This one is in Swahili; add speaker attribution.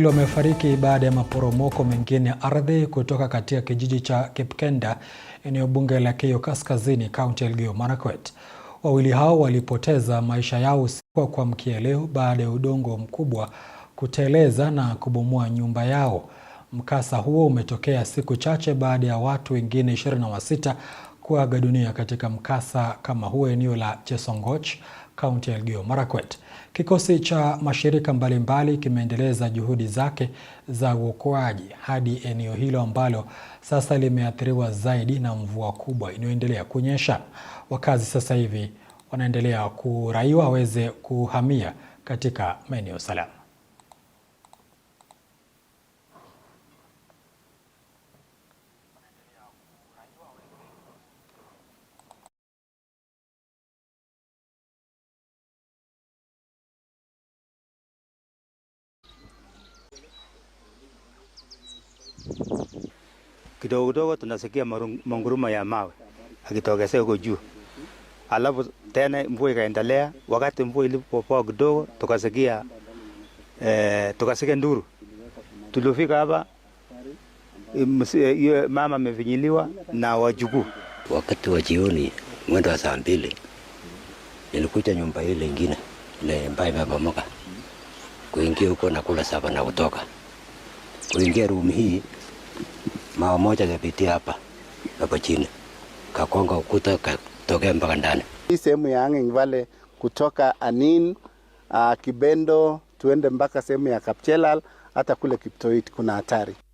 Speaker 1: Wawili wamefariki baada ya maporomoko mengine ya ardhi kutoka katika kijiji cha Kipkenda, eneo bunge la Keyo Kaskazini, kaunti ya Elgeyo Marakwet. Wawili hao walipoteza maisha yao usiku wa kuamkia leo baada ya udongo mkubwa kuteleza na kubomoa nyumba yao. Mkasa huo umetokea siku chache baada ya watu wengine 26 kuaga dunia katika mkasa kama huo eneo la Chesongoch, kaunti ya Elgeyo Marakwet. Kikosi cha mashirika mbalimbali kimeendeleza juhudi zake za uokoaji hadi eneo hilo ambalo sasa limeathiriwa zaidi na mvua kubwa inayoendelea kunyesha. Wakazi sasa hivi wanaendelea kuraiwa waweze kuhamia katika maeneo salama.
Speaker 2: kidogo kidogo tunasikia manguruma ya mawe akitokesea huko juu. Alafu tena mvua ikaendelea. Wakati mvua ilipopoa kidogo, tukasikia eh, tukasikia nduru. Tulifika hapa, eh, eh, hiyo mama amevinyiliwa na wajukuu.
Speaker 3: Wakati wa jioni mwendo wa saa mbili nilikuja nyumba ile ingine ile ambayo imebomoka, kuingia huko na kula saba na kutoka, kuingia rumu hii mawa moja kapitia hapa hapa chini kakonga ukuta katokea mpaka ndani.
Speaker 4: Hii sehemu ya Hanging Valley kutoka Anin uh, Kibendo tuende mpaka sehemu ya Kapchelal hata kule Kiptoit kuna hatari.